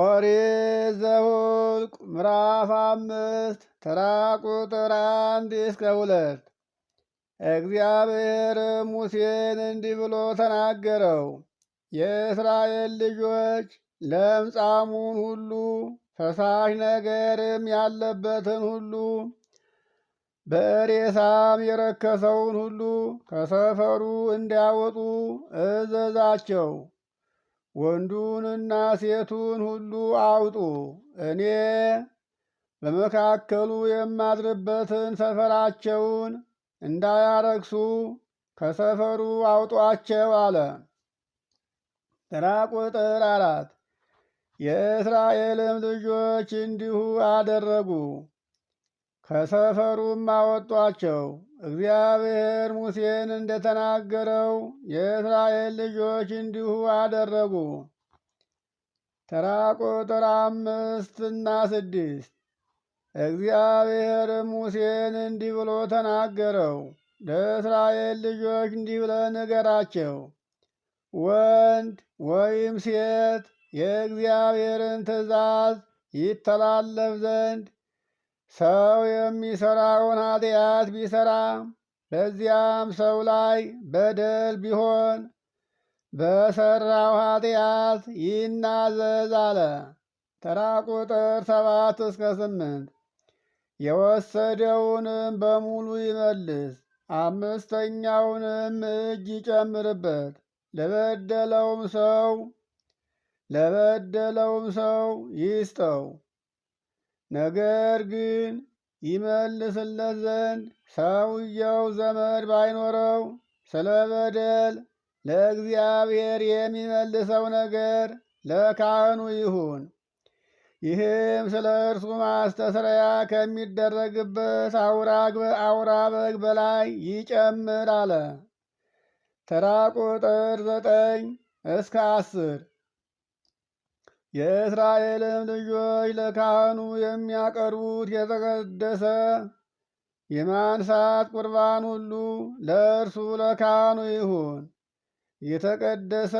ኦሪት ዘኍልቍ ምዕራፍ አምስት ተራ ቁጥር አንድ እስከ ሁለት እግዚአብሔር ሙሴን እንዲህ ብሎ ተናገረው። የእስራኤል ልጆች ለምጻሙን ሁሉ ፈሳሽ ነገርም ያለበትን ሁሉ በሬሳም የረከሰውን ሁሉ ከሰፈሩ እንዲያወጡ እዘዛቸው። ወንዱንና ሴቱን ሁሉ አውጡ። እኔ በመካከሉ የማድርበትን ሰፈራቸውን እንዳያረግሱ ከሰፈሩ አውጧቸው አለ። ተራ ቁጥር አራት የእስራኤልም ልጆች እንዲሁ አደረጉ፣ ከሰፈሩም አወጧቸው። እግዚአብሔር ሙሴን እንደተናገረው የእስራኤል ልጆች እንዲሁ አደረጉ። ተራ ቁጥር አምስትና ስድስት እግዚአብሔር ሙሴን እንዲህ ብሎ ተናገረው። ለእስራኤል ልጆች እንዲህ ብለ ንገራቸው፣ ወንድ ወይም ሴት የእግዚአብሔርን ትእዛዝ ይተላለፍ ዘንድ ሰው የሚሰራውን ኃጢአት ቢሰራ በዚያም ሰው ላይ በደል ቢሆን በሰራው ኃጢአት ይናዘዝ አለ። ተራ ቁጥር ሰባት እስከ ስምንት የወሰደውንም በሙሉ ይመልስ፣ አምስተኛውንም እጅ ይጨምርበት። ለበደለውም ሰው ለበደለውም ሰው ይስጠው። ነገር ግን ይመልስለት ዘንድ ሰውየው ዘመድ ባይኖረው ስለ በደል ለእግዚአብሔር የሚመልሰው ነገር ለካህኑ ይሁን። ይህም ስለ እርሱ ማስተስረያ ከሚደረግበት አውራ በግ በላይ ይጨምር አለ። ተራ ቁጥር ዘጠኝ እስከ አስር የእስራኤልም ልጆች ለካህኑ የሚያቀርቡት የተቀደሰ የማንሳት ቁርባን ሁሉ ለእርሱ ለካህኑ ይሁን። የተቀደሰ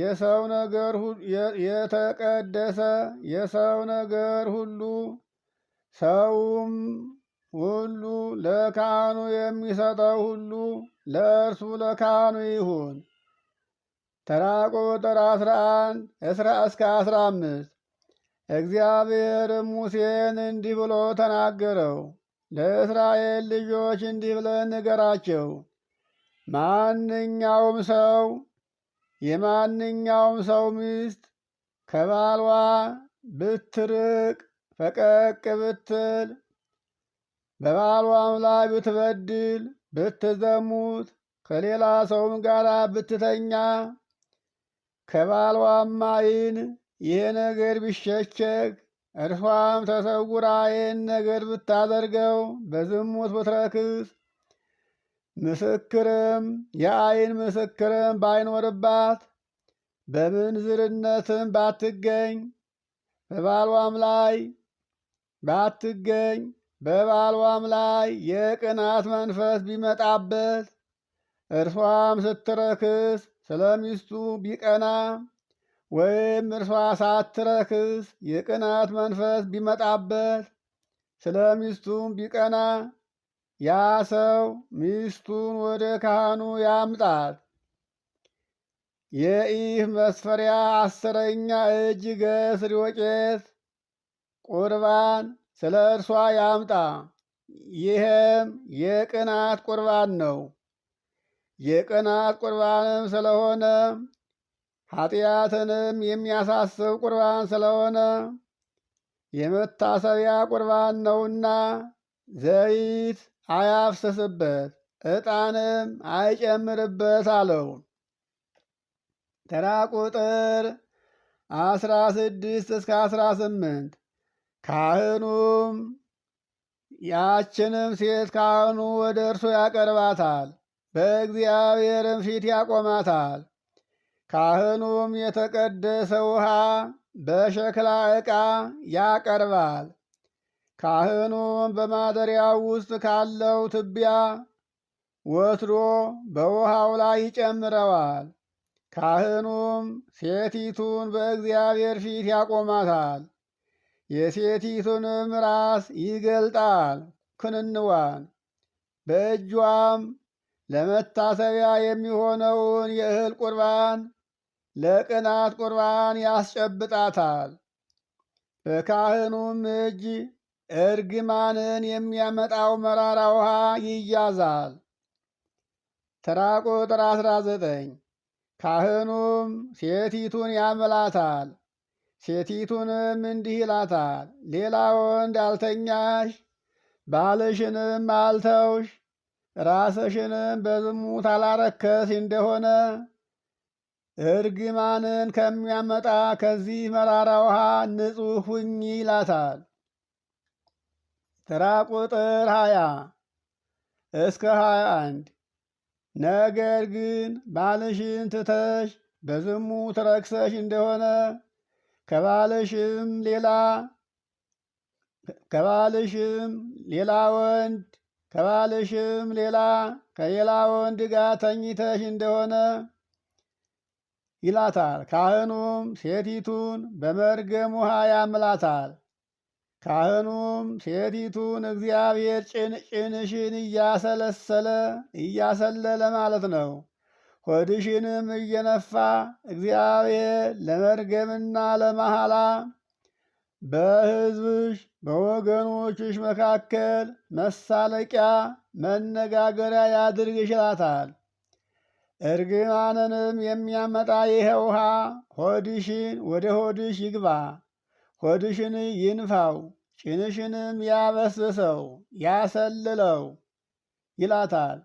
የሰው ነገር የተቀደሰ የሰው ነገር ሁሉ ሰውም ሁሉ ለካህኑ የሚሰጠው ሁሉ ለእርሱ ለካህኑ ይሁን። ተራ ቁጥር 11 እስራ እስከ አስራ አምስት እግዚአብሔር ሙሴን እንዲህ ብሎ ተናገረው። ለእስራኤል ልጆች እንዲህ ብለህ ንገራቸው። ማንኛውም ሰው የማንኛውም ሰው ሚስት ከባሏ ብትርቅ ፈቀቅ ብትል በባሏም ላይ ብትበድል ብትዘሙት ከሌላ ሰውም ጋር ብትተኛ ከባልዋም አይን ይህ ነገር ቢሸሸግ እርሷም ተሰውራ ይህን ነገር ብታደርገው በዝሙት ብትረክስ ምስክርም የአይን ምስክርም ባይኖርባት በምንዝርነትም ባትገኝ በባልዋም ላይ ባትገኝ በባልዋም ላይ የቅናት መንፈስ ቢመጣበት እርሷም ስትረክስ ስለ ሚስቱ ቢቀና ወይም እርሷ ሳትረክስ የቅናት መንፈስ ቢመጣበት ስለ ሚስቱም ቢቀና ያ ሰው ሚስቱን ወደ ካህኑ ያምጣት። የኢህ መስፈሪያ አስረኛ እጅ ገስር ወቄት ቁርባን ስለ እርሷ ያምጣ። ይህም የቅናት ቁርባን ነው። የቅናት ቁርባንም ስለሆነ ኃጢአትንም የሚያሳስብ ቁርባን ስለሆነ የመታሰቢያ ቁርባን ነውና ዘይት አያፍስስበት ዕጣንም አይጨምርበት አለው። ተራ ቁጥር አስራ ስድስት እስከ አስራ ስምንት ካህኑም ያችንም ሴት ካህኑ ወደ እርሱ ያቀርባታል በእግዚአብሔርም ፊት ያቆማታል። ካህኑም የተቀደሰ ውሃ በሸክላ ዕቃ ያቀርባል። ካህኑም በማደሪያው ውስጥ ካለው ትቢያ ወትሮ በውሃው ላይ ይጨምረዋል። ካህኑም ሴቲቱን በእግዚአብሔር ፊት ያቆማታል። የሴቲቱንም ራስ ይገልጣል፣ ክንንዋን በእጇም ለመታሰቢያ የሚሆነውን የእህል ቁርባን ለቅናት ቁርባን ያስጨብጣታል። በካህኑም እጅ እርግማንን የሚያመጣው መራራ ውሃ ይያዛል። ተራ ቁጥር አስራ ዘጠኝ ካህኑም ሴቲቱን ያምላታል። ሴቲቱንም እንዲህ ይላታል፣ ሌላ ወንድ አልተኛሽ፣ ባልሽንም አልተውሽ ራስሽንም በዝሙት አላረከስ እንደሆነ እርግማንን ከሚያመጣ ከዚህ መራራ ውሃ ንጹሕ ሁኚ ይላታል። ተራ ቁጥር ሀያ እስከ ሀያ አንድ ነገር ግን ባልሽን ትተሽ በዝሙት ረክሰሽ እንደሆነ ከባልሽም ሌላ ከባልሽም ሌላ ወንድ ከባልሽም ሌላ ከሌላ ወንድ ጋር ተኝተሽ እንደሆነ ይላታል። ካህኑም ሴቲቱን በመርገም ውሃ ያምላታል። ካህኑም ሴቲቱን እግዚአብሔር ጭንጭንሽን እያሰለሰለ እያሰለለ ማለት ነው ሆድሽንም እየነፋ እግዚአብሔር ለመርገምና ለመሐላ በሕዝብሽ በወገኖችሽ መካከል መሳለቂያ መነጋገሪያ ያድርግ ይችላታል። እርግማንንም የሚያመጣ ይሄ ውሃ ሆድሽን ወደ ሆድሽ ይግባ፣ ሆድሽን ይንፋው፣ ጭንሽንም ያበስብሰው ያሰልለው ይላታል።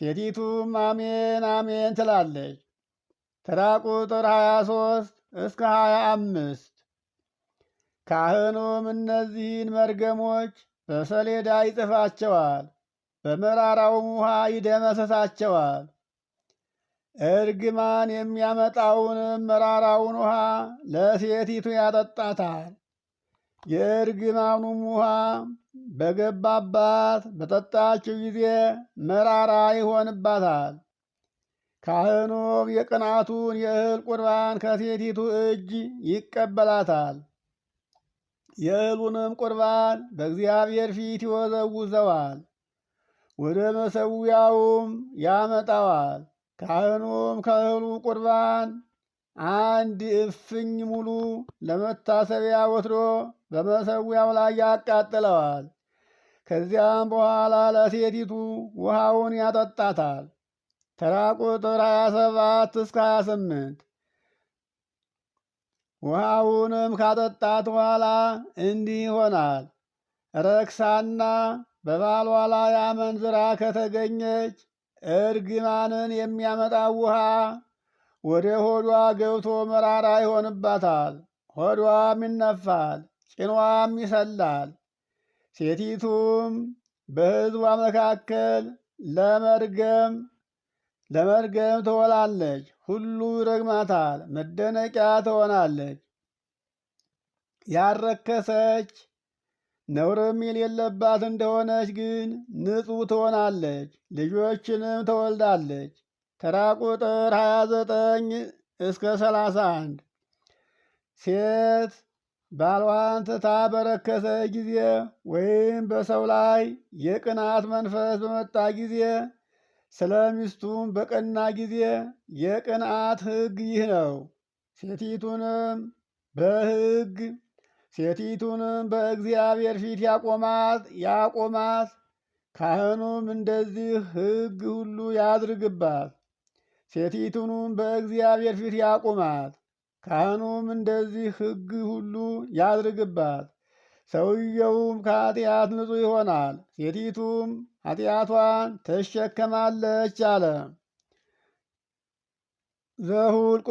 ሴቲቱም አሜን አሜን ትላለች። ተራ ቁጥር 23 እስከ 25 ካህኑም እነዚህን መርገሞች በሰሌዳ ይጽፋቸዋል፣ በመራራውም ውሃ ይደመሰሳቸዋል። እርግማን የሚያመጣውንም መራራውን ውሃ ለሴቲቱ ያጠጣታል። የእርግማኑም ውሃ በገባባት በጠጣችው ጊዜ መራራ ይሆንባታል። ካህኑም የቅናቱን የእህል ቁርባን ከሴቲቱ እጅ ይቀበላታል። የእህሉንም ቁርባን በእግዚአብሔር ፊት ይወዘውዘዋል፣ ወደ መሰዊያውም ያመጣዋል። ካህኑም ከእህሉ ቁርባን አንድ እፍኝ ሙሉ ለመታሰቢያ ወስዶ በመሰዊያው ላይ ያቃጥለዋል። ከዚያም በኋላ ለሴቲቱ ውሃውን ያጠጣታል። ተራ ቁጥር 27 እስከ 28 ውሃውንም ካጠጣት በኋላ እንዲህ ይሆናል። ረክሳና በባሏ ላይ አመንዝራ ከተገኘች እርግማንን የሚያመጣ ውሃ ወደ ሆዷ ገብቶ መራራ ይሆንባታል። ሆዷም ይነፋል፣ ጭኗም ይሰላል። ሴቲቱም በሕዝቧ መካከል ለመርገም ለመርገም ትወላለች። ሁሉ ይረግማታል፣ መደነቂያ ትሆናለች። ያረከሰች ነውርም የሌለባት እንደሆነች ግን ንጹሕ ትሆናለች፣ ልጆችንም ትወልዳለች። ተራ ቁጥር 29 እስከ 31 ሴት ባልዋን ትታ በረከሰ ጊዜ ወይም በሰው ላይ የቅናት መንፈስ በመጣ ጊዜ ስለ ሚስቱም በቀና ጊዜ የቅንዓት ሕግ ይህ ነው። ሴቲቱንም በሕግ ሴቲቱንም በእግዚአብሔር ፊት ያቆማት ያቆማት ካህኑም እንደዚህ ሕግ ሁሉ ያድርግባት። ሴቲቱንም በእግዚአብሔር ፊት ያቁማት ካህኑም እንደዚህ ሕግ ሁሉ ያድርግባት። ሰውየውም ከኃጢአት ንጹሕ ይሆናል። ሴቲቱም ኃጢአቷን ተሸከማለች አለ ዘሁልቁ